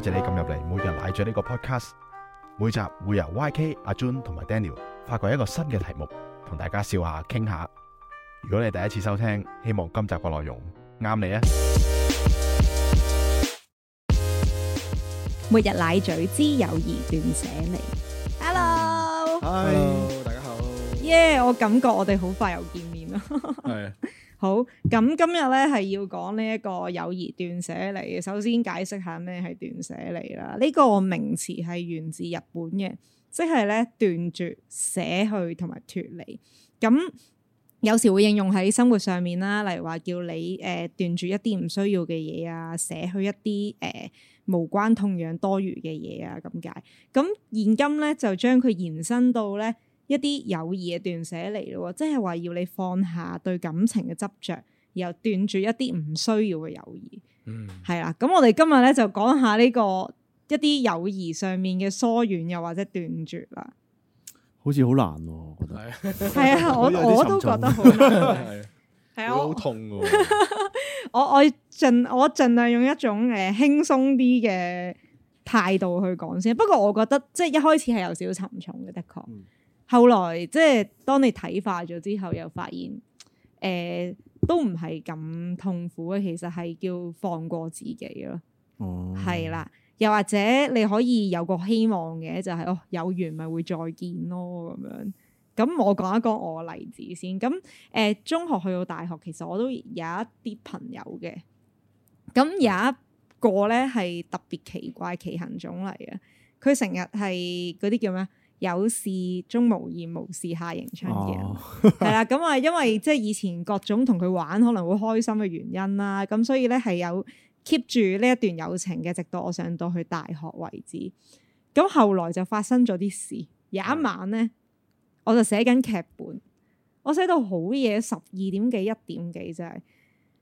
多謝你撳入嚟，每日奶嘴呢個 podcast，每集會由 YK、阿 Jun 同埋 Daniel 發掘一個新嘅題目，同大家笑下、傾下。如果你第一次收聽，希望今集嘅內容啱你啊！每日奶嘴之友誼斷捨離。Hello，嗨，大家好。Yeah，我感覺我哋好快又見面咯。係。好，咁今日咧係要講呢一個友誼斷捨離嘅，首先解釋下咩係斷捨離啦。呢個名詞係源自日本嘅，即係咧斷絕、捨去同埋脫離。咁有時會應用喺生活上面啦，例如話叫你誒斷絕一啲唔需要嘅嘢啊，捨去一啲誒無關痛癢多餘嘅嘢啊咁解。咁現今咧就將佢延伸到咧。一啲友誼嘅斷捨離咯，即係話要你放下對感情嘅執着，然後斷絕一啲唔需要嘅友誼。嗯，係啦、這個。咁我哋今日咧就講下呢個一啲友誼上面嘅疏遠，又或者斷絕啦。好似好難喎，我覺得係啊！我我都覺得好係啊，好痛嘅。我我盡我儘量用一種誒輕鬆啲嘅態度去講先。不過我覺得即係一開始係有少少沉重嘅，的確。嗯後來即係當你睇化咗之後，又發現誒、呃、都唔係咁痛苦啊，其實係叫放過自己咯。哦，係啦，又或者你可以有個希望嘅，就係、是、哦有緣咪會再見咯咁樣。咁我講一講我個例子先。咁誒、呃、中學去到大學，其實我都有一啲朋友嘅。咁有一個呢係特別奇怪嘅奇行種嚟嘅，佢成日係嗰啲叫咩？有事鍾無艷，無事夏迎春嘅人，係啦、哦。咁 啊，因為即係以前各種同佢玩可能會開心嘅原因啦，咁所以咧係有 keep 住呢一段友情嘅，直到我上到去大學為止。咁後來就發生咗啲事，有一晚咧，我就寫緊劇本，我寫到好夜，十二點幾、一點幾真係，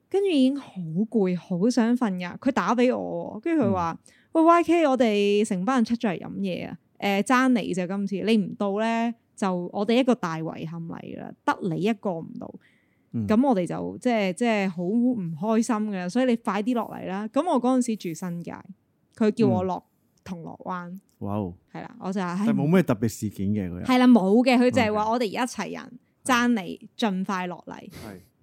跟住已經好攰，好想瞓㗎。佢打俾我，跟住佢話：嗯、喂 YK，我哋成班人出咗嚟飲嘢啊！誒爭、呃、你就今次你唔到咧，就我哋一個大遺憾嚟啦，得你一個唔到，咁、嗯、我哋就即係即係好唔開心嘅，所以你快啲落嚟啦。咁我嗰陣時住新界，佢叫我落銅鑼灣，哇，係啦，我就係冇咩特別事件嘅嗰日，係啦冇嘅，佢就係話我哋一齊人爭 Okay. 你，盡快落嚟。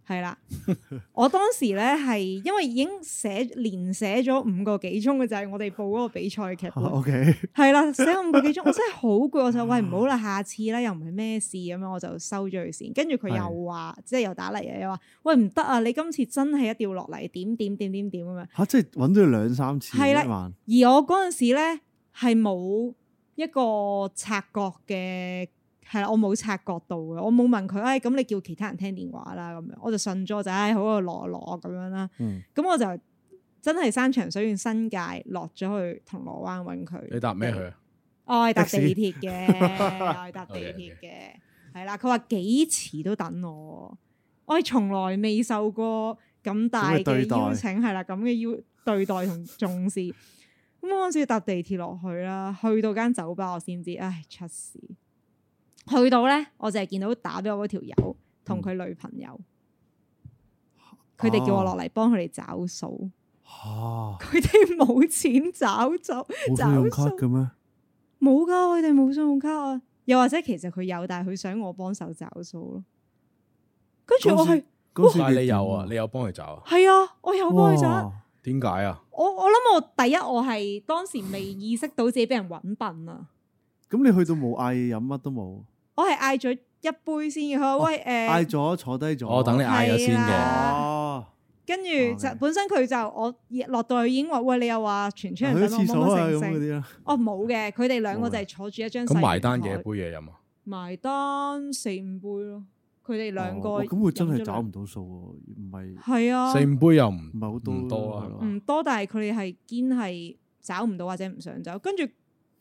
係啦， 我當時咧係因為已經寫連寫咗五個幾鐘嘅，就係、是、我哋報嗰個比賽劇本、啊。OK。係啦，寫咗五個幾鐘， 我真係好攰。我就，喂唔好啦，下次啦，又唔係咩事咁樣，我就收咗佢先。跟住佢又話的，即係又打嚟啊，又話喂唔得啊，你今次真係一定要落嚟點點點點點咁樣。嚇、啊！即係揾咗兩三次，而我嗰陣時咧係冇一個察覺嘅。係啦，我冇察覺到嘅，我冇問佢。哎，咁你叫其他人聽電話啦，咁樣我就信咗仔，好度攞攞咁樣啦。咁、嗯、我就真係山長水遠新界落咗去銅鑼灣揾佢。你搭咩去啊、哦士哦？我係搭地鐵嘅， 我係搭地鐵嘅。係啦， 佢話幾遲都等我。我係從來未受過咁大嘅邀請，係啦咁嘅邀對待同重視。咁 我開始搭地鐵落去啦，去到間酒吧我先知，唉，出事。去到咧，我淨係見到打俾我嗰條友同佢女朋友，佢哋、嗯啊、叫我落嚟幫佢哋找數。哦、啊，佢哋冇錢找數，冇信用卡嘅咩？冇噶，佢哋冇信用卡啊！又或者其實佢有，但係佢想我幫手找數咯。跟住我係，時時哇！你有啊？你有幫佢找？係啊，我有幫佢找。點解啊？我我諗我第一我係當時未意識到自己俾人搵笨啊！咁唉你去到冇嗌飲乜都冇。我係嗌咗一杯先嘅，喂誒，嗌咗坐低咗，我等你嗌咗先嘅。跟住就本身佢就我落到去已經話，喂你又話全場人都默默無聲。哦，冇嘅，佢哋兩個就係坐住一張。咁埋單幾杯嘢飲啊？埋單四五杯咯，佢哋兩個。咁佢真係找唔到數喎，唔係。係啊，四五杯又唔唔係好多，唔多啊。唔多，但係佢哋係堅係找唔到或者唔想走。跟住。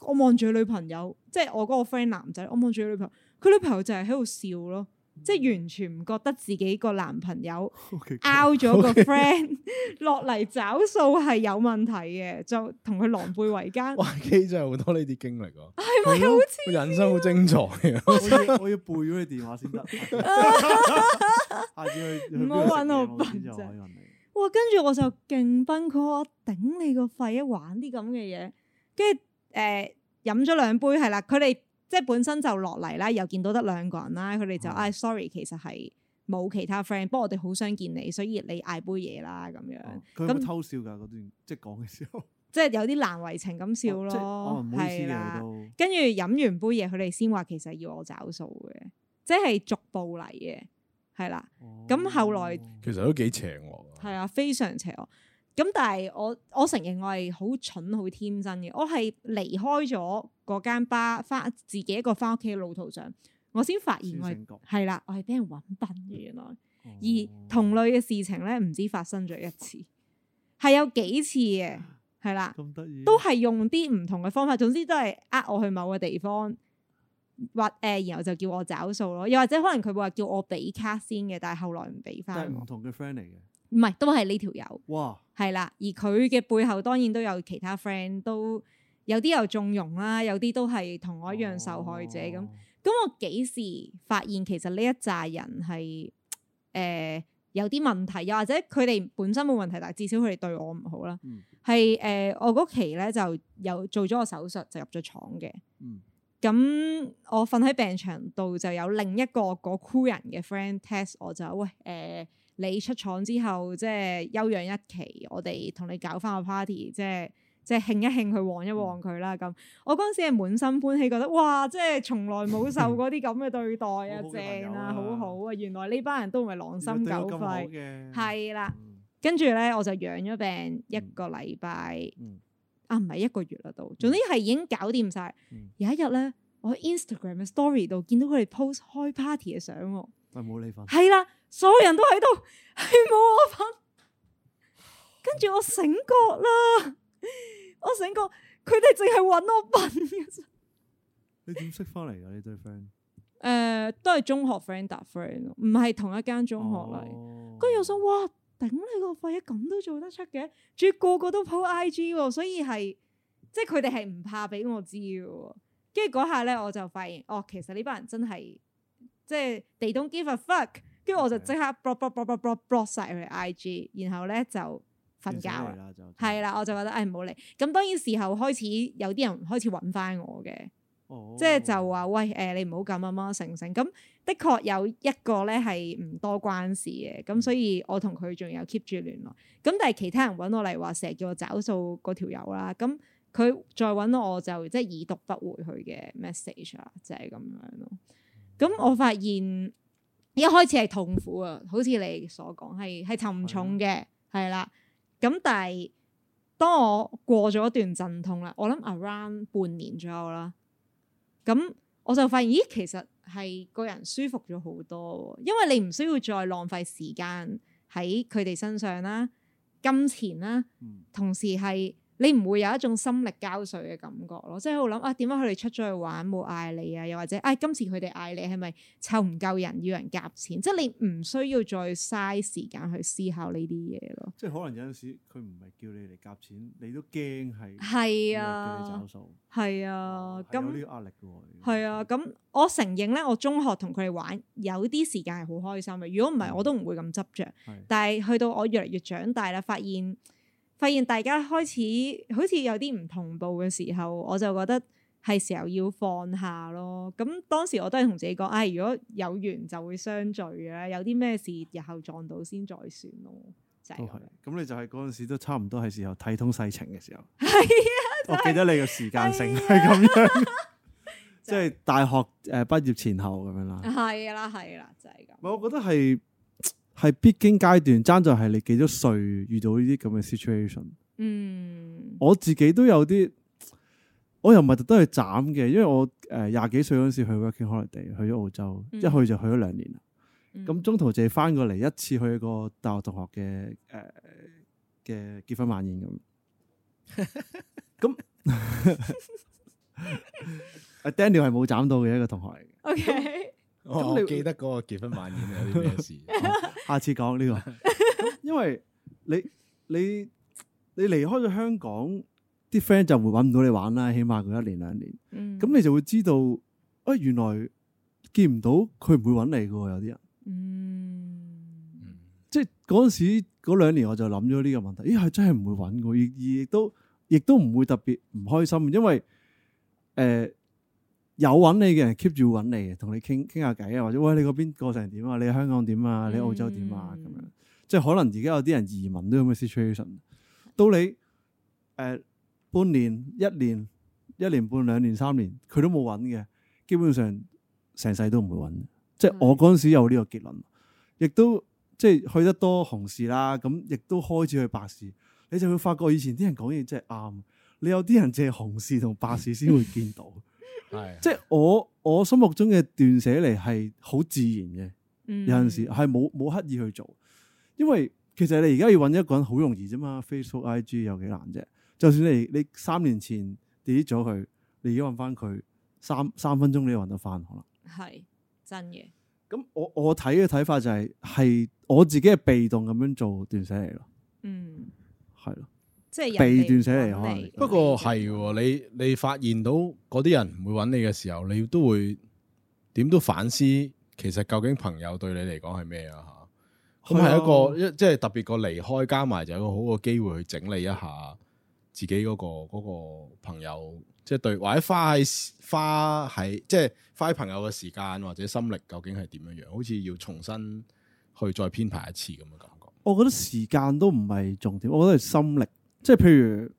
我望住佢女朋友，即係我嗰個 friend 男仔，我望住佢女朋友，佢女朋友就係喺度笑咯，嗯、即係完全唔覺得自己個男朋友 out 咗個 friend 落嚟找數係有問題嘅，就同佢狼狽為奸。Y K 真係好多呢啲經歷啊！人生好精彩啊想！我要背咗你電話先得。 下次 去唔好揾我笨就哇！跟住我就勁崩，佢我頂你,你個肺啊！玩啲咁嘅嘢，跟住。誒、呃、飲咗兩杯係啦，佢哋即係本身就落嚟啦，又見到得兩個人啦，佢哋、啊、就唉、哎、sorry，其實係冇其他 friend，不過我哋好想見你，所以你嗌杯嘢啦咁樣。佢、哦、有冇偷笑㗎？嗰段那即係講嘅時候，即係有啲難為情咁笑咯。係跟住飲完杯嘢，佢哋先話其實要我找數嘅，即係逐步嚟嘅，係啦。咁、哦、後來其實都幾邪惡。係啊的，非常邪惡。咁但係我我承認我係好蠢好天真嘅，我係離開咗嗰間吧，翻自己一個翻屋企嘅路途上，我先發現我係啦，我係俾人搵笨嘅原來。嗯、而同類嘅事情咧，唔止發生咗一次，係有幾次嘅係啦，咁得意，都係用啲唔同嘅方法，總之都係呃我去某個地方或誒、呃，然後就叫我找數咯，又或者可能佢會話，叫我俾卡先嘅，但係後來唔俾翻。唔同嘅 friend 嚟嘅，唔係都係呢條友哇。係啦，而佢嘅背後當然都有其他 friend，都有啲又縱容啦，有啲都係同我一樣受害者咁。咁、哦、我幾時發現其實呢一紮人係誒、呃、有啲問題，又或者佢哋本身冇問題，但係至少佢哋對我唔好啦。係誒、嗯呃，我嗰期咧就有做咗個手術，就入咗廠嘅。嗯咁我瞓喺病床度，就有另一個果酷人嘅 friend text 我就，就喂誒、呃，你出廠之後即係休養一期，我哋同你搞翻個 party，即係即係慶一慶佢，旺一旺佢啦。咁我嗰陣時係滿心歡喜，覺得哇，即係從來冇受過啲咁嘅對待 啊，正啊，好好啊，原來呢班人都唔係狼心狗肺，嘅。係啦。跟住咧，我就養咗病一個禮拜。 嗯嗯啊，唔係一個月啦，都總之係已經搞掂晒。嗯、有一日咧，我喺 Instagram 嘅 story 度見到佢哋 post 開 party 嘅相，係冇你份。係啦，所有人都喺度，係冇我份。跟 住我醒覺啦，我醒覺佢哋淨係揾我笨嘅啫。你點識翻嚟嘅？呢對 friend 誒都係中學 friend 搭 friend，唔係同一間中學嚟。跟住、哦、我想哇。頂你個肺，咁都做得出嘅，仲要個個都 po IG 喎，所以係，即係佢哋係唔怕俾我知嘅。跟住嗰下咧，我就發現，哦，其實呢班人真係即係 they don't give a fuck。跟住我就即刻 block block block block block 曬佢 IG，然後咧就瞓覺啦。係啦，我就覺得唉，唔好理。咁當然時候開始有啲人開始揾翻我嘅。即係就話喂，誒、呃，你唔好咁啊嘛，成唔成？咁的確有一個咧係唔多關事嘅，咁所以我同佢仲有 keep 住聯絡。咁但係其他人揾我嚟話，成日叫我找數嗰條友啦。咁佢再揾我就，就即係已讀不回佢嘅 message 啦，就係咁樣咯。咁我發現一開始係痛苦啊，好似你所講係係沉重嘅，係啦了。咁但係當我過咗一段陣痛啦，我諗 around 半年左右啦。咁我就發現，咦，其實係個人舒服咗好多，因為你唔需要再浪費時間喺佢哋身上啦、金錢啦，嗯、同時係。你唔會有一種心力交瘁嘅感覺咯，即係喺度諗啊，點解佢哋出咗去玩冇嗌你啊？又或者啊、哎，今次佢哋嗌你係咪湊唔夠人要人夾錢？即係你唔需要再嘥時間去思考呢啲嘢咯。即係可能有陣時佢唔係叫你嚟夾錢，你都驚係係啊，叫你找數啊，咁有啲壓力嘅喎。係啊，咁、啊、我承認咧，我中學同佢哋玩有啲時間係好開心嘅。如果唔係，我都唔會咁執着。但係去到我越嚟越長大啦，發現。發現大家開始好似有啲唔同步嘅時候，我就覺得係時候要放下咯。咁當時我都係同自己講：，哎，如果有緣就會相聚嘅，有啲咩事日後撞到先再算咯。就係、是、咁，okay, 你就係嗰陣時都差唔多係時候睇通世情嘅時候。係啊，就是、 我記得你嘅時間性係咁、啊、這樣，即 係大學誒畢業前後咁樣啦。係啦、啊，係啦、啊啊，就係、是、咁。我覺得係。係必經階段，爭在係你幾多歲遇到呢啲咁嘅 situation。嗯，我自己都有啲，我又唔係特登去斬嘅，因為我誒廿幾歲嗰時去 working holiday，去咗澳洲，嗯、一去就去咗兩年咁、嗯、中途就係翻過嚟一次，去個大學同學嘅誒嘅結婚晚宴咁。咁 阿 Daniel 係冇斬到嘅一個同學嚟嘅。OK。咁、哦、你記得嗰個結婚晚宴有啲咩事， 下次講呢個。 因為你你你離開咗香港，啲 friend 就會揾唔到你玩啦，起碼佢一年兩年。咁、嗯、你就會知道，啊、哎、原來見唔到佢唔會揾你嘅，有啲人。嗯，即係嗰陣時嗰兩年，我就諗咗呢個問題。咦，係真係唔會揾我，而亦都亦都唔會特別唔開心，因為誒。呃有揾你嘅人 keep 住揾你，同你傾傾下偈啊，或者喂，你嗰邊過成點啊？你香港點啊？你澳洲點啊？咁、嗯、樣即係可能而家有啲人移民都有咁嘅 situation。到你誒、呃、半年、一年、一年半、兩年、三年，佢都冇揾嘅，基本上成世都唔會揾。是的 即係我嗰陣時有呢個結論，亦都即係去得多紅事啦，咁亦都開始去白事，你就會發覺以前啲人講嘢真係啱。你有啲人淨係紅事同白事先會見到。 係，即係我我心目中嘅斷捨離係好自然嘅，嗯、有陣時係冇冇刻意去做，因為其實你而家要搵一個人好容易啫嘛，Facebook、IG 有幾難啫，就算你你三年前 delete 咗佢，你而家搵翻佢三三分鐘你都搵得翻可能，係真嘅。咁我我睇嘅睇法就係、是、係我自己係被動咁樣做斷捨離咯，嗯，係咯。即被斷捨離，不過係的你你發現到嗰啲人唔會揾你嘅時候，你都會點都反思，其實究竟朋友對你嚟講係咩啊？吓，咁係一個一即係特別個離開加埋，就係個好嘅機會去整理一下自己嗰、嗰個、嗰個朋友，即係對或者花喺花喺即係花，花，花朋友嘅時間或者心力，究竟係點樣樣？好似要重新去再編排一次咁嘅感覺。我覺得時間都唔係重點，我覺得係心力。即係譬如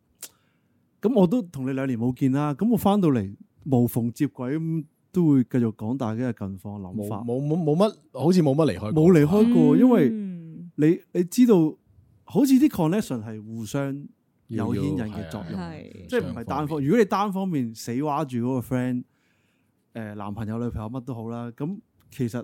咁，我都同你兩年冇見啦。咁我翻到嚟無縫接軌咁，都會繼續講大家嘅近況諗法。冇冇冇乜，好似冇乜離開過。冇離開過，嗯、因為你你知道，好似啲 connection 係互相有牽引嘅作用，要要即係唔係單方。如果你單方面死掛住嗰個 friend，誒男朋友、女朋友乜都好啦，咁其實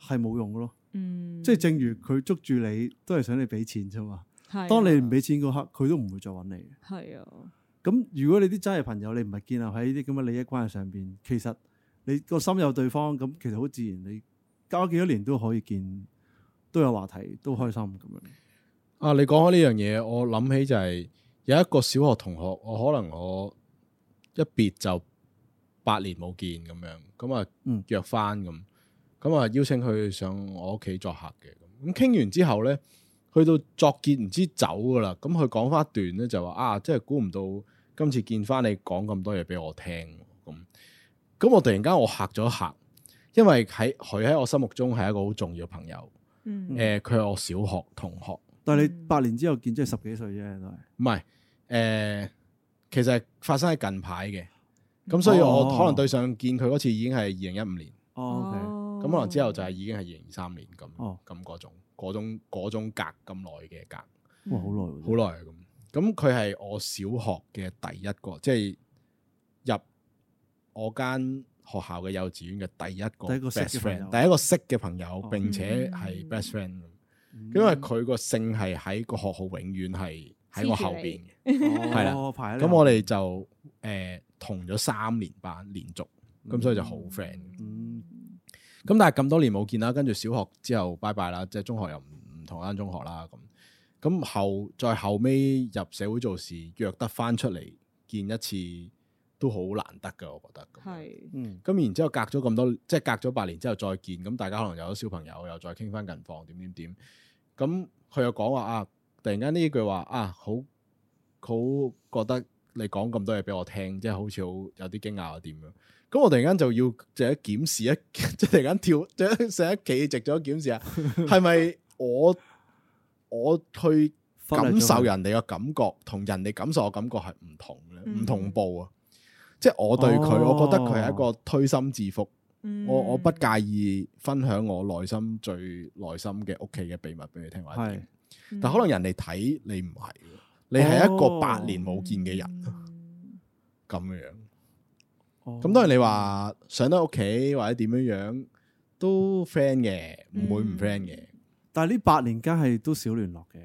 係冇用咯。嗯、即係正如佢捉住你，都係想你俾錢啫嘛。係。當你唔俾錢嗰刻，佢都唔會再揾你嘅。啊。咁 如果你啲真係朋友，你唔係建立喺呢啲咁嘅利益關係上邊，其實你個心有對方，咁其實好自然。你交幾多年都可以見，都有話題，都開心咁樣。啊，你講開呢樣嘢，我諗起就係、是、有一個小學同學，我可能我一別就八年冇見咁樣，咁啊約翻咁，咁啊、嗯、邀請佢上我屋企作客嘅。咁傾完之後咧。去到作結，唔知走噶啦，咁佢講翻一段咧就話啊，即係估唔到今次見翻你講咁多嘢俾我聽，咁咁我突然間我嚇咗一吓，因為喺佢喺我心目中係一個好重要嘅朋友，誒佢係我小學同學。嗯、但係你八年之後見，即係十幾歲啫，都係唔係？誒、呃，其實發生喺近排嘅，咁所以我可能對上見佢嗰次已經係二零一五年，哦，咁、哦 okay 哦、可能之後就係已經係二零二三年咁，哦，咁嗰種。哦嗰種嗰種隔咁耐嘅隔，哇，好耐，好耐咁。咁佢係我小學嘅第一個，即、就、係、是、入我間學校嘅幼稚園嘅第一個 best friend，第一個識嘅朋友，朋友哦、並且係、嗯、best friend、嗯。因為佢個姓係喺個學號永遠係喺我後邊嘅，係啦情。咁 了 我哋就誒、呃、同咗三年班連續，咁所以就好 friend。嗯咁但係咁多年冇見啦，跟住小學之後拜拜啦，即係中學又唔同間中學啦，咁咁後再後尾入社會做事，約得翻出嚟見一次都好難得噶，我覺得。係。是嗯。咁然之後隔咗咁多，即係隔咗八年之後再見，咁大家可能有咗小朋友，又再傾翻近況，點點點。咁佢又講話啊，突然間呢句話啊，好好覺得你講咁多嘢俾我聽，即係好似好有啲驚訝啊，點樣？咁我突然間就要做一檢視一，即 係突然間跳做一寫一記，值咗檢視下係咪我我去感受人哋嘅感覺，同人哋感受我感覺係唔同嘅，唔、嗯、同步啊？即係我對佢，哦、我覺得佢係一個推心置腹，嗯、我我不介意分享我內心最內心嘅屋企嘅秘密俾你聽，聽。係，嗯、但可能人哋睇你唔係，你係一個百年冇見嘅人，咁、哦嗯、樣。咁當然你話上得屋企或者點樣樣都 friend 嘅，唔會唔 friend 嘅。但係呢八年間係都少聯絡嘅，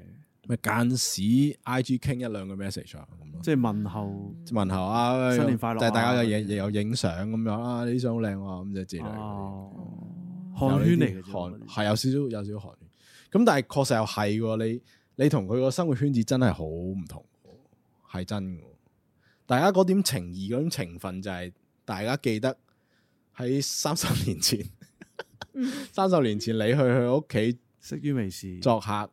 咪間時 IG 傾一兩個 message，啊，即係問候，問候啊！新年快樂。但係大家有嘢，又有影相咁樣啦，啲相好靚喎，咁就自然。寒暄嚟嘅，寒係有少少有少少寒暄。咁但係確實又係喎，你你同佢個生活圈子真係好唔同，係真嘅。大家嗰點情誼嗰種情分就係。大家記得喺三十年前，三 十年前你去佢屋企識於微時。作客，誒，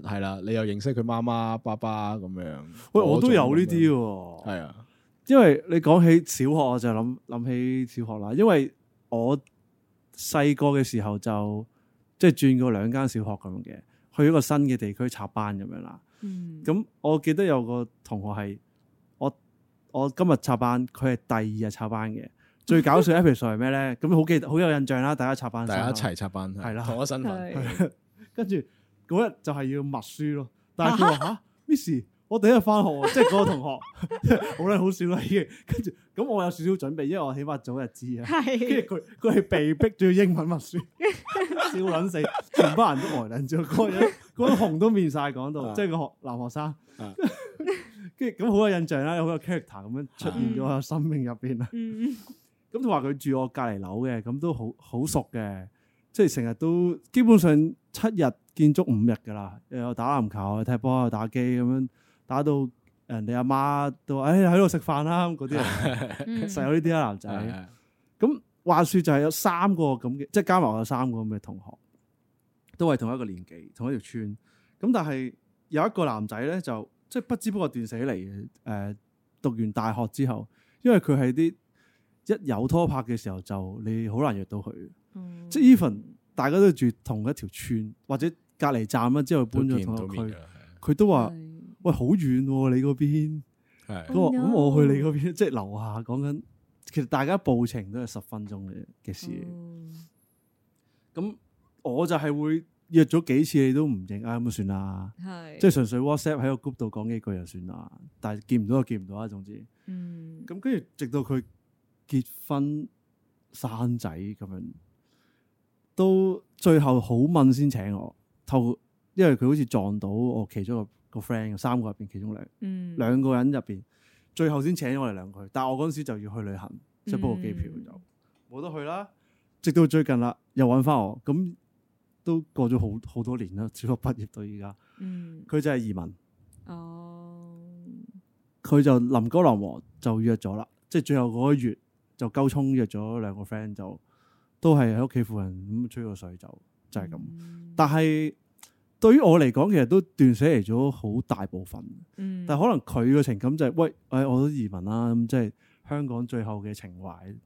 係啦，你又認識佢媽媽、爸爸咁樣。喂，我都有呢啲喎。係啊，樣的因為你講起小學，我就諗諗起小學啦。因為我細個嘅時候就即係轉過兩間小學咁樣嘅，去一個新嘅地區插班咁樣啦。嗯，咁我記得有個同學係。我今日插班，佢係第二日插班嘅。最搞笑 episode 係咩咧？咁好記好有印象啦！大家插班，大家一齊插班係啦，同一身份。跟住嗰日就係要默書咯，但係佢話嚇 Miss，我第一日翻學啊，即係嗰個同學好啦，好笑啦。跟住咁我有少少準備，因為我起碼早日知啊。跟住佢佢係被逼仲要英文默書，笑撚死！全班人都呆撚住，嗰一嗰個紅都面晒講到即係個學男學生。跟住咁好有印象啦，好有 character 咁樣出現咗喺我生命入邊啦。咁就話佢住我隔籬樓嘅，咁都好好熟嘅，即係成日都基本上七日見足五日噶啦。又打籃球，又踢波，又打機咁樣打到人哋阿媽都，哎喺度食飯啦嗰啲，細佬呢啲啊男仔。咁、嗯、話說就係有三個咁嘅，即係加埋我有三個咁嘅同學，都係同一個年紀，同一條村。咁但係有一個男仔咧就。即係不知不覺斷捨離嘅，誒、呃，讀完大學之後，因為佢係啲一有拖拍嘅時候就你好難約到佢，嗯、即係 even 大家都住同一條村或者隔籬站啦，之後搬咗去，佢都話的喂好遠，啊，你嗰邊，都話咁我去你嗰邊，即係樓下講緊，其實大家步程都係十分鐘嘅嘅事，咁、嗯、我就係會。約咗幾次你都唔應，啊咁算啦，是即係純粹 WhatsApp 喺個 group 度講幾句就算啦，但係見唔到就見唔到啦，總之。嗯。咁跟住直到佢結婚生仔咁樣，都最後好問先請我頭，因為佢好似撞到我其中一個個 friend，三個入邊其中兩，嗯、兩個人入邊，最後先請咗我哋兩個人，但係我嗰時就要去旅行，即係 book 個機票就冇得去啦。直到最近啦，又揾翻我咁。嗯都過咗好好多年啦，小學畢業到依家。嗯，佢就係移民。哦，佢就林高林和，就約咗啦，即係最後嗰個月就溝通約咗兩個 friend，就都係喺屋企附近咁吹個水就就係咁。嗯，但係對於我嚟講，其實都斷捨離咗好大部分。嗯，但係可能佢嘅情感就係、是、喂，誒我都移民啦，咁即係香港最後嘅情懷。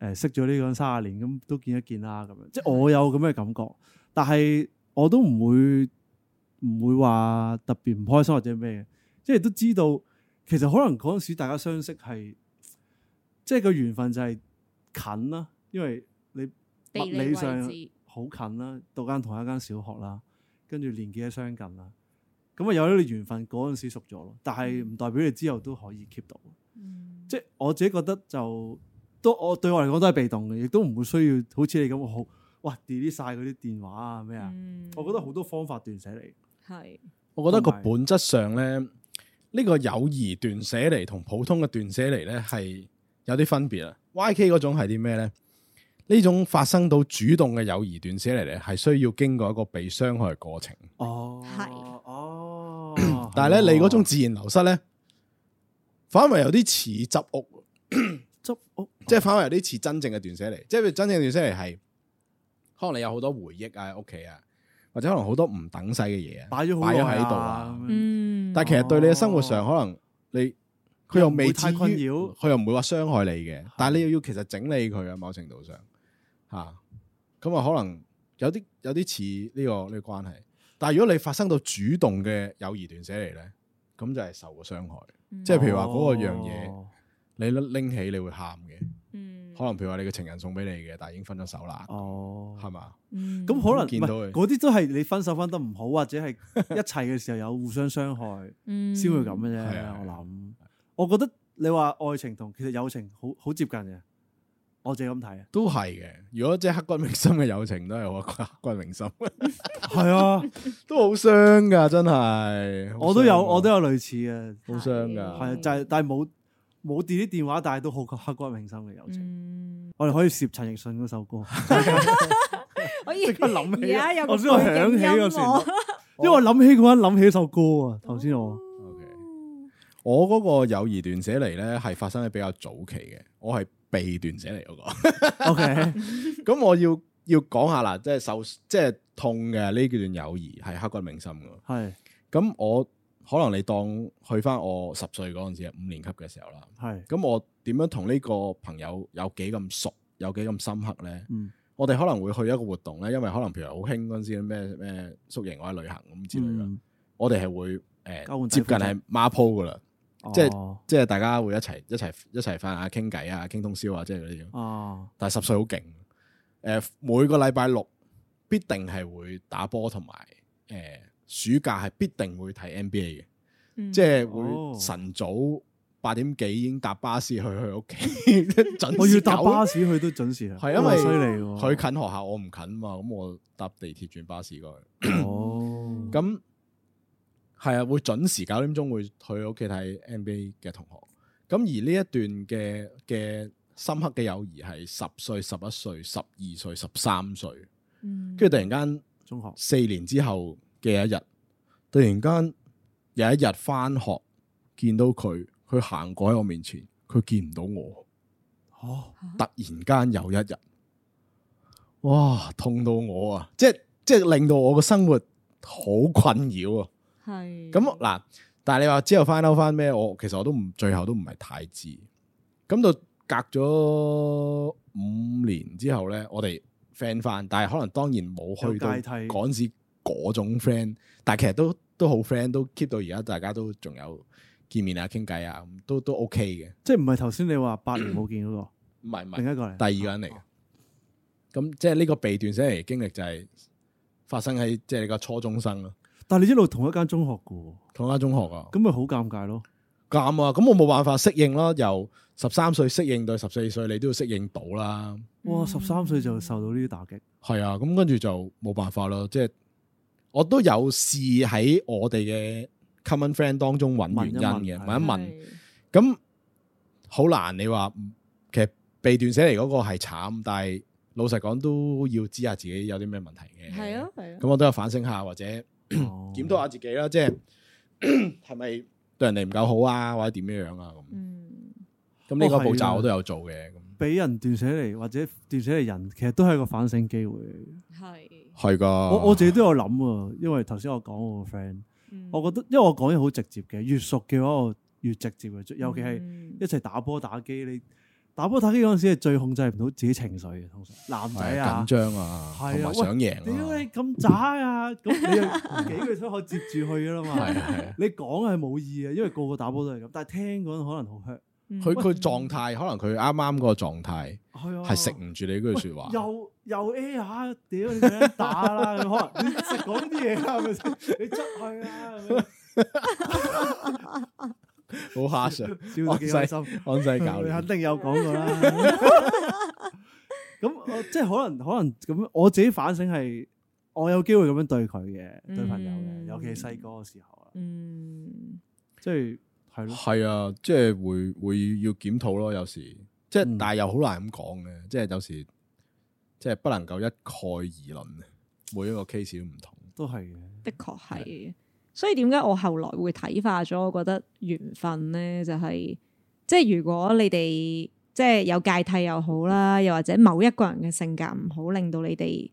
誒識咗呢個三廿年，咁都見一見啦，咁樣即係我有咁嘅感覺。但係我都唔會唔會話特別唔開心或者咩嘅，即係都知道其實可能嗰陣時大家相識係即係個緣分就係近啦，因為你地理上好近啦，到間同一間小學啦，跟住年紀都相近啦，咁啊有咗個緣分嗰陣時熟咗咯，但係唔代表你之後都可以 keep 到，嗯、即係我自己覺得就都我對我嚟講都係被動嘅，亦都唔會需要好似你咁好。哇！delete 曬嗰啲電話啊咩啊！嗯、我覺得好多方法斷捨離。係是。我覺得個本質上咧，呢是個友誼斷捨離同普通嘅斷捨離咧係有啲分別啊。YK 嗰種係啲咩咧？呢種發生到主動嘅友誼斷捨離咧，係需要經過一個被傷害嘅過程。哦。係是。哦。 但係咧，你嗰種自然流失咧，反為有啲似執屋， 執屋，即係反為有啲似真正嘅斷捨離。即、就、係、是、真正斷捨離係。當你有好多回憶啊，屋企啊，或者可能好多唔等使嘅嘢，擺咗喺度啊。啊啊嗯，但係其實對你嘅生活上，嗯、可能你佢又未至於，佢又唔會話傷害你嘅。的但係你又要其實整理佢啊，某程度上吓，咁啊可能有啲有啲似呢個呢、這個關係。但係如果你發生到主動嘅友誼斷捨離咧，咁就係受過傷害。即係譬如話嗰個樣嘢，你拎起你會喊嘅。可能譬如話你嘅情人送俾你嘅，但係已經分咗手啦。哦，係嘛？咁可能見到嗰啲都係你分手分得唔好，或者係一齊嘅時候有互相傷害，先會咁嘅啫。我諗，我覺得你話愛情同其實友情好好接近嘅，我自己咁睇啊。都係嘅，如果即係刻骨銘心嘅友情，都係我刻骨銘心。係啊，都好傷噶，真係。我都有，我都有類似嘅，好傷噶。係啊，就係但係冇。冇跌啲電話，但係都好刻骨銘心嘅友情。我哋可以攝陳奕迅嗰首歌，可以諗。而家又諗起個旋律，因為諗起嗰陣諗起首歌啊。頭先我，我嗰個友誼斷捨離咧，係發生喺比較早期嘅，我係被斷捨離嗰個。OK，咁我要要講下啦，即係受即係痛嘅呢段友誼係刻骨銘心嘅。係，咁我。可能你當去翻我十歲嗰陣時，五年級嘅時候啦。係是。咁我點樣同呢個朋友有幾咁熟，有幾咁深刻咧？嗯。我哋可能會去一個活動咧，因為可能譬如好興嗰陣時咩咩宿營或者旅行咁之類嘅。嗯、我哋係會誒、呃、接近係孖鋪噶啦，即係即係大家會一齊一齊一齊翻啊傾偈啊傾通宵啊，即係嗰啲。哦。但係十歲好勁，誒、呃、每個禮拜六必定係會打波同埋誒。暑假係必定會睇 NBA 嘅，嗯、即係會晨早八點幾已經搭巴士去去屋企， 準時。我要搭巴士去都準時啊！係因為佢近學校，我唔近嘛，咁我搭地鐵轉巴士過去。 哦，咁係 啊，會準時九點鐘會去屋企睇 NBA 嘅同學。咁而呢一段嘅嘅深刻嘅友誼係十歲、十一歲、十二歲、十三歲，跟住、嗯、突然間中學四年之後。嘅一日，突然間有一日翻學，見到佢，佢行過喺我面前，佢見唔到我。哦，突然間有一日，哇，痛到我啊！即係即係令到我嘅生活好困擾啊。係咁嗱，但係你話之後翻嬲翻咩？我其實我都唔最後都唔係太知。咁到隔咗五年之後咧，我哋 friend 翻，但係可能當然冇去到嗰時嗰種 friend，但係其實都都好 friend，都 keep 到而家，大家都仲有見面啊、傾偈啊，都都 OK 嘅。即係唔係頭先你話八年冇見嗰、嗰個？唔係，唔 係另一個嚟，第二個人嚟。嘅、啊。咁即係呢個被斷捨離嚟嘅經歷，就係發生喺即係你個初中生咯。但係你一路同一間中學嘅喎，同一間中學啊，咁咪好尷尬咯。尷啊！咁我冇辦法適應咯。由十三歲適應到十四歲，你都要適應到啦。哇、嗯！ 哦、十,三十三歲就受到呢啲打擊，係啊！咁跟住就冇辦法啦，即係。我都有試喺我哋嘅 common friend 當中揾原因嘅，問一問。咁好的難你，你話其實被斷捨離嗰個係慘，但係老實講都要知下自己有啲咩問題嘅。係咯，係咯。咁我都有反省下，或者 檢討下自己啦，哦、即係係咪對人哋唔夠好啊，或者點樣樣啊咁。咁呢、嗯、個步驟我都有做嘅。俾人斷捨離或者斷捨離人，其實都係個反省機會。係係㗎，我我自己都有諗啊。因為頭先我講我個 friend，嗯、我覺得因為我講嘢好直接嘅，越熟嘅話我越直接嘅。尤其係一齊打波打機，你打波打機嗰陣時係最控制唔到自己情緒嘅。通常男仔啊緊張啊，係啊的想贏啊，點解咁渣啊？咁 幾句嘴我接住去㗎啦嘛。係啊係啊，你講係冇意嘅，因為個個打波都係咁。但係聽嗰陣可能好 hurt。佢佢 狀態，可能佢啱啱嗰個狀態係食唔住你嗰句説話，又又 a 下，屌 你打啦！可能食講啲嘢啊，你出去啊， 好下上，笑到幾開心，安仔教你。肯定有講過啦。咁 我即係可能，可能咁我自己反省係，我有機會咁樣對佢嘅對朋友嘅，嗯、尤其係細個嘅時候啊。嗯以，即係。 係係啊，即係會會要檢討咯，嗯、有時即係，但係又好難咁講嘅，即係有時即係不能夠一概而論，每一個 case 都唔同，都係嘅，的確係，的所以點解我後來會睇化咗？我覺得緣分咧，就係、是、即係如果你哋即係有芥蒂又好啦，又或者某一個人嘅性格唔好，令到你哋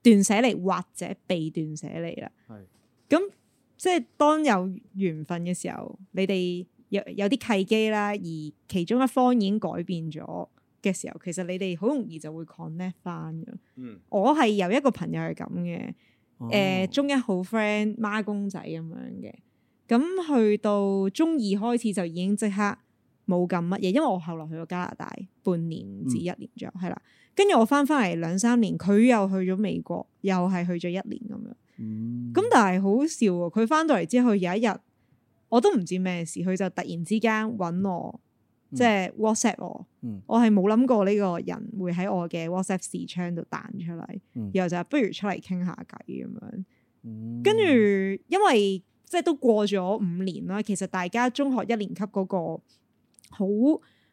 斷捨離或者被斷捨離啦，係咁的。即係當有緣分嘅時候，你哋有有啲契機啦，而其中一方已經改變咗嘅時候，其實你哋好容易就會 connect 翻嘅。嗯、我係有一個朋友係咁嘅，誒、哦呃、中一好 friend 孖公仔咁樣嘅，咁去到中二開始就已經即刻冇咁乜嘢，因為我後來去咗加拿大半年至一年左右，係啦、嗯，跟住我翻翻嚟兩三年，佢又去咗美國，又係去咗一年咁樣。咁、嗯、但係好笑喎，佢翻到嚟之後有一日，我都唔知咩事，佢就突然之間揾我，即係 WhatsApp 我。嗯、我係冇諗過呢個人會喺我嘅 WhatsApp 視窗度彈出嚟，嗯，然後就不如出嚟傾下偈咁樣。跟住因為即係都過咗五年啦，其實大家中學一年級嗰個好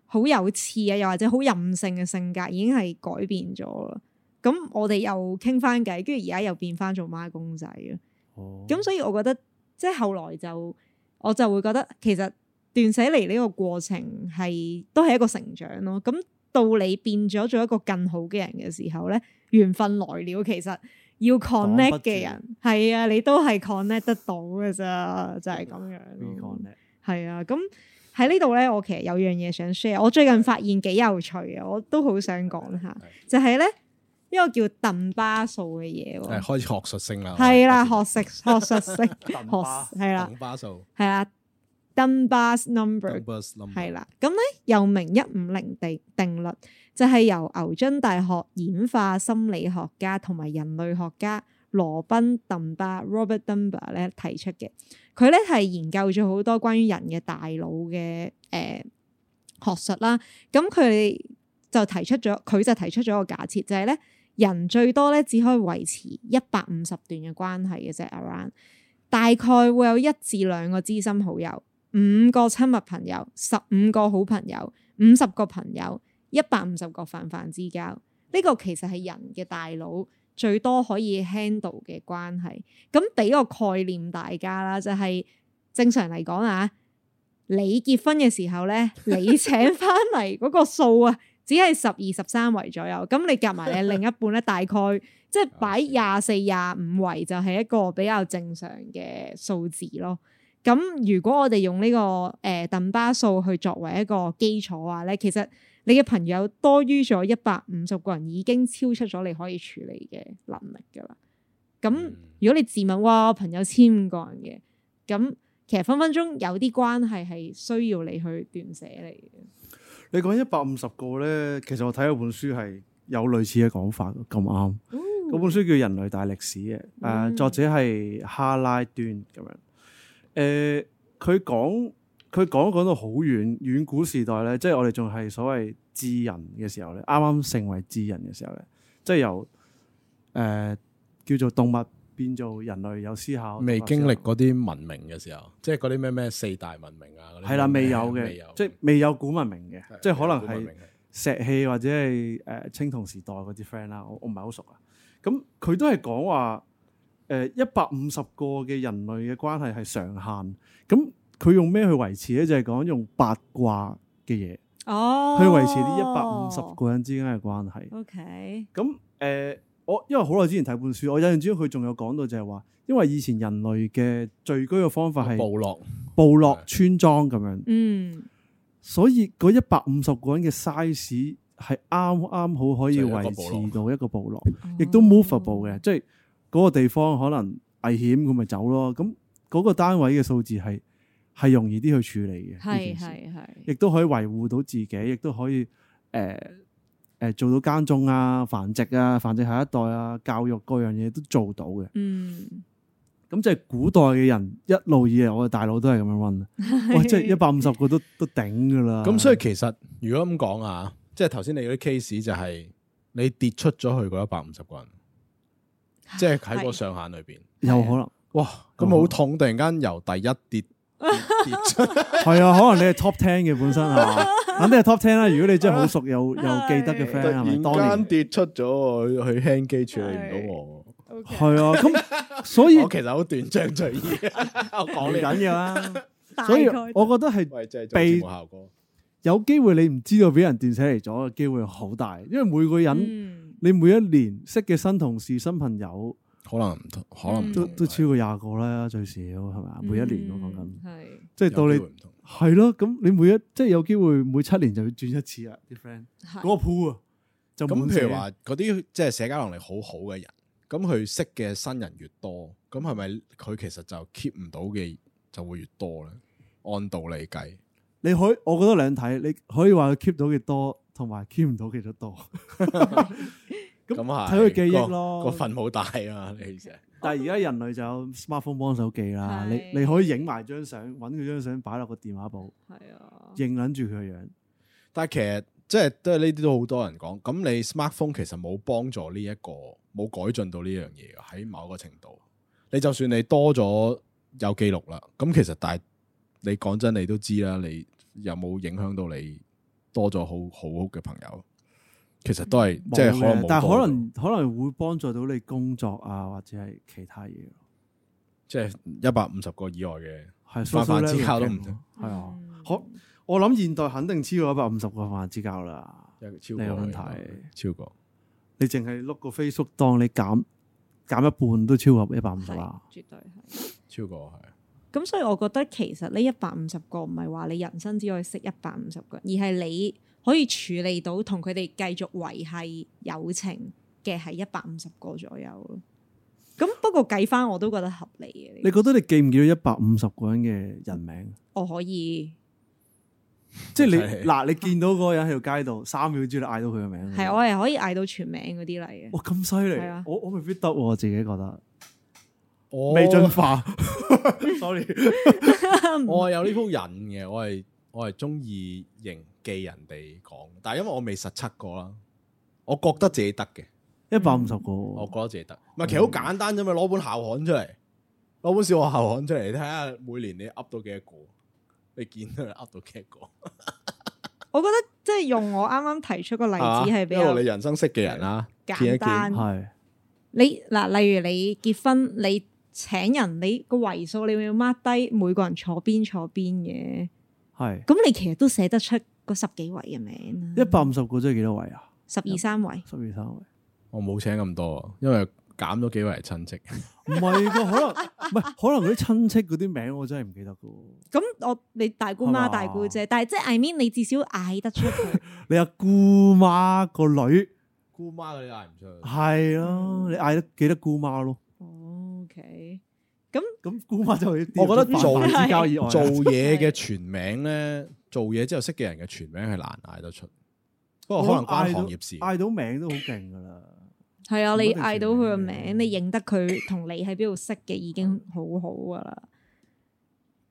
好有刺啊，又或者好任性嘅性格，已經係改變咗啦。咁我哋又傾翻偈，跟住而家又變翻做孖公仔咯。咁、oh. 所以我覺得，即係後來就我就會覺得，其實斷捨離呢個過程係都係一個成長咯。咁到你變咗做一個更好嘅人嘅時候咧，緣分來了，其實要 connect 嘅人，係啊，你都係 connect 得到嘅咋，就係、是、咁樣。connect 係、mm hmm. 啊，咁喺呢度咧，我其實有樣嘢想 share。我最近發現幾有趣啊，我都好想講下，就係、是、咧。呢個叫鄧巴數嘅嘢喎，係開始學術性啦，係啦的，學識學術性，的 學係食啦，鄧巴數係啦，鄧巴數，係啦，咁咧又名一五零地定律，就係、是、由牛津大學演化心理學家同埋人類學家羅賓鄧巴 （Robert Dunbar） 咧提出嘅。佢咧係研究咗好多關於人嘅大腦嘅誒學術啦。咁佢就提出咗，佢就提出咗個假設，就係、是、咧。人最多咧，只可以維持一百五十段嘅關係嘅啫，Around 大概會有一至兩個知心好友，五個親密朋友，十五個好朋友，五十個朋友，一百五十個泛泛之交。呢、這個其實係人嘅大腦最多可以 handle 嘅關係。咁俾個概念大家啦，就係、是、正常嚟講啊，你結婚嘅時候咧，你請翻嚟嗰個數啊！ 只係十二十三圍左右，咁你夾埋你另一半咧， 大概即係、就是、擺廿四廿五圍就係一個比較正常嘅數字咯。咁如果我哋用呢、這個誒鄧、呃、巴數去作為一個基礎嘅話咧，其實你嘅朋友多於咗一百五十個人已經超出咗你可以處理嘅能力噶啦。咁如果你自問哇，朋友千五個人嘅，咁其實分分鐘有啲關係係需要你去斷捨離嘅。你講一百五十個咧，其實我睇一本書係有類似嘅講法，咁啱。嗯、本書叫《人類大歷史》嘅、嗯，誒作者係哈拉端咁樣。誒佢講佢講講到好遠遠古時代咧，即係我哋仲係所謂智人嘅時候咧，啱啱成為智人嘅時候咧，即係由誒、呃、叫做動物。變做人類有思考未經歷嗰啲文明嘅時候，即係嗰啲咩咩四大文明啊？係啦，未有嘅，未有即係未有古文明嘅，係嘅即係可能係石器或者係誒青銅時代嗰啲 friend 啦。我我唔係好熟啊。咁佢都係講話誒一百五十個嘅人類嘅關係係上限。咁佢用咩去維持咧？就係講用八卦嘅嘢哦，去維持呢一百五十個人之間嘅關係。OK，咁誒。呃我因為好耐之前睇本書，我印象之中佢仲有講到就係話，因為以前人類嘅聚居嘅方法係部落、部落、村莊咁樣，嗯，所以嗰一百五十個人嘅 size 係啱啱好可以維持到一個，落一個部落，亦都 moveable 嘅，哦、即係嗰個地方可能危險，佢咪走咯。咁、那、嗰個單位嘅數字係係容易啲去處理嘅，係係係，亦都可以維護到自己，亦都可以誒。呃誒做到耕種啊、繁殖啊、繁殖下一代啊、教育各樣嘢都做到嘅。嗯，咁即係古代嘅人一路以嚟，我嘅大佬都係咁樣問。哇！即係一百五十個都都頂㗎喇。咁 所以其實如果咁講啊，即係頭先你嗰啲 case 就係你跌出咗去嗰一百五十個人，即係喺個上限裏邊 是有可能。哇！咁好痛，突然間由第一跌。係啊，可能你係 top ten 嘅本身係嘛，肯定係 top ten 啦。如果你真係好熟，又又記得嘅 friend 係咪？突然間跌出咗，去去輕機處理唔到我，係啊。咁所以我其實好斷章取義我講緊嘅啦。所以我覺得係被效果，有機會你唔知道俾人斷捨離咗嘅機會好大，因為每個人你每一年識嘅新同事、新朋友。可能唔同，可能、嗯、都都超過廿個啦，最少係咪？每一年、嗯、我講緊，係是即係到你係咯。咁你每一即係有機會每七年就要轉一次啦，啲 Your friend 的。嗰個 pool 啊，就咁。譬如話嗰啲即係社交能力好好嘅人，咁佢識嘅新人越多，咁係咪佢其實就 keep 唔到嘅就會越多咧？按道理計，你可以，我覺得兩睇，你可以話佢 keep 到嘅多，同埋 keep 唔到嘅都多。 睇佢記憶咯，個份好個大啊！你成，但係而家人類就有 smartphone 幫手記啦。的你你可以影埋張相，揾佢張相擺落個電話簿，係啊的，認撚住佢個樣。但係其實即係都係呢啲都好多人講。咁你 smartphone 其實冇幫助呢一個，冇改進到呢樣嘢喺某個程度。你就算你多咗有記錄啦，咁其實但係你講真，你都知啦。你有冇影響到你多咗好好嘅朋友？其實都係即係可，可能，但係可能可能會幫助到你工作啊，或者係其他嘢。即係一百五十個以外嘅，係泛泛之交都唔係啊，可、嗯、我諗現代肯定超過一百五十個泛泛之交啦。你、嗯、有冇問題？超過。超過你淨係碌個 Facebook，當你減減一半都超過一百五十啦，絕對係 超過係。咁所以我覺得其實呢一百五十個唔係話你人生只可以識一百五十個，而係你。可以處理到同佢哋繼續維繫友情嘅係一百五十個左右，咁不過計返我都覺得合理嘅。你覺得你記唔記到一百五十個人嘅人名？我可以，即係你嗱，你見到嗰個人喺條街度，三秒之內嗌到佢嘅名，係我係可以嗌到全名嗰啲嚟嘅。哇、哦，咁犀利！我我未必得，我自己覺得，我未進進化。 sorry， 我係有呢幅人嘅，我係我係中意認記人哋講，但係因為我未實測過啦，我覺得自己得嘅一百五十個，我覺得自己得，唔係其實好簡單啫嘛，攞本校刊出嚟，攞本小學校刊出嚟，睇下每年你 up 到幾多個，你見到你 up 到幾多個， 我覺得即係用我啱啱提出個例子係因為你人生識嘅人啦，簡單係你嗱，例如你結婚，你請人，你個圍數你要 mark 低每個人坐邊坐邊嘅，係咁是你其實都寫得出。個十幾位嘅名，一百五十個真係幾多位啊？十二三位，十二三位。位我冇請咁多，因為減咗幾位係親戚。唔係噶，可能唔係， 可能嗰啲親戚嗰啲名我真係唔記得噶。咁我你大姑媽、大姑姐，吧但係即係 I mean，你至少嗌得出。你阿姑媽個女，姑媽你嗌唔出。係咯，你嗌得幾多姑媽咯？OK，咁咁姑媽就我覺得做交誼 做嘢嘅全名咧。 做嘢之後識嘅人嘅全名係難嗌得出，不過可能關行業事。嗌到，嗌到名都好勁噶啦，係 啊！你嗌到佢個名， 你認得佢同你喺邊度識嘅已經好好噶啦。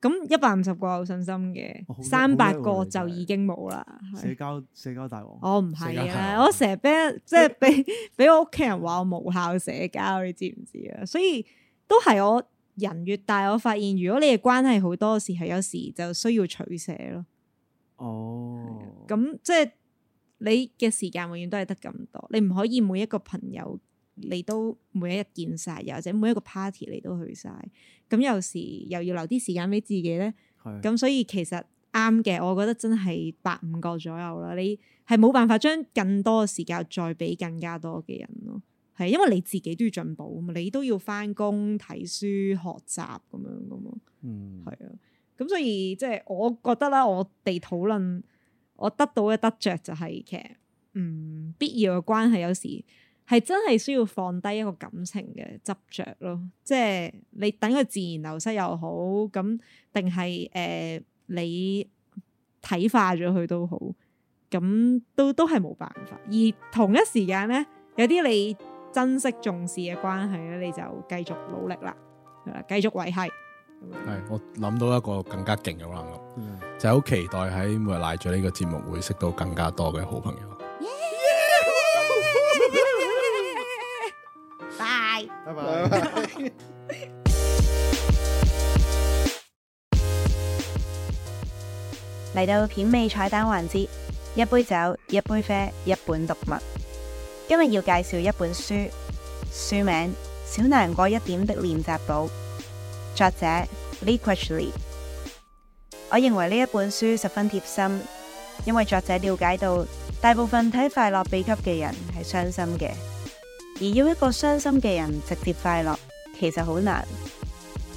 咁一百五十個有信心嘅，三百、哦、個就已經冇啦。社交社交大王，我唔係啊！我成日俾即係俾俾我屋企人話我無效社交，你知唔知啊？所以都係我人越大，我發現如果你嘅關係好多時係有時就需要取捨咯。哦，咁即係你嘅時間永遠都係得咁多，你唔可以每一個朋友你都每一日見晒，又或者每一個 party 你都去晒，咁有時又要留啲時間俾自己咧。係，咁所以其實啱嘅，我覺得真係百五個左右啦。你係冇辦法將更多嘅時間再俾更加多嘅人咯，係因為你自己都要進步啊嘛，你都要翻工睇書學習咁樣噶嘛，嗯，係啊。咁所以即係、就是、我覺得啦，我哋討論我得到嘅得着就係、是、其實唔、嗯、必要嘅關係。有時係真係需要放低一個感情嘅執着咯。即係你等佢自然流失又好，咁定係誒你睇化咗佢都好，咁都都係冇辦法。而同一時間咧，有啲你珍惜重視嘅關係咧，你就繼續努力啦，繼續維繫。係，我諗到一個更加勁嘅可能，就好期待喺未來做呢個節目，會識到更加多嘅好朋友。拜，拜拜。嚟到片尾彩蛋環節，一杯酒，一杯啡，一本讀物。今日要介紹一本書，書名《少難過一點的練習簿》。作者 Liquidly，我認為呢一本書十分貼心，因為作者了解到大部分睇快樂秘笈嘅人係傷心嘅，而要一個傷心嘅人直接快樂，其實好難，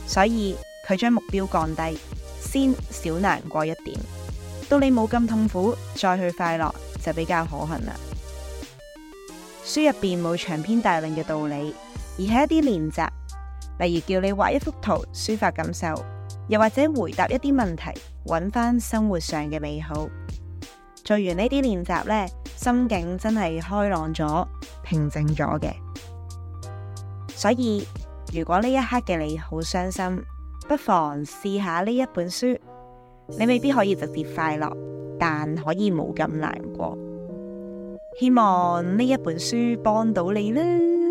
所以佢將目標降低，先少難過一點，到你冇咁痛苦再去快樂就比較可行啦。書入邊冇長篇大論嘅道理，而係一啲練習。例如叫你畫一幅圖，抒發感受，又或者回答一啲問題，揾翻生活上嘅美好。做完呢啲練習呢，心境真係開朗咗、平靜咗嘅。所以如果呢一刻嘅你好傷心，不妨試下呢一本書，你未必可以直接快樂，但可以冇咁難過。希望呢一本書幫到你啦～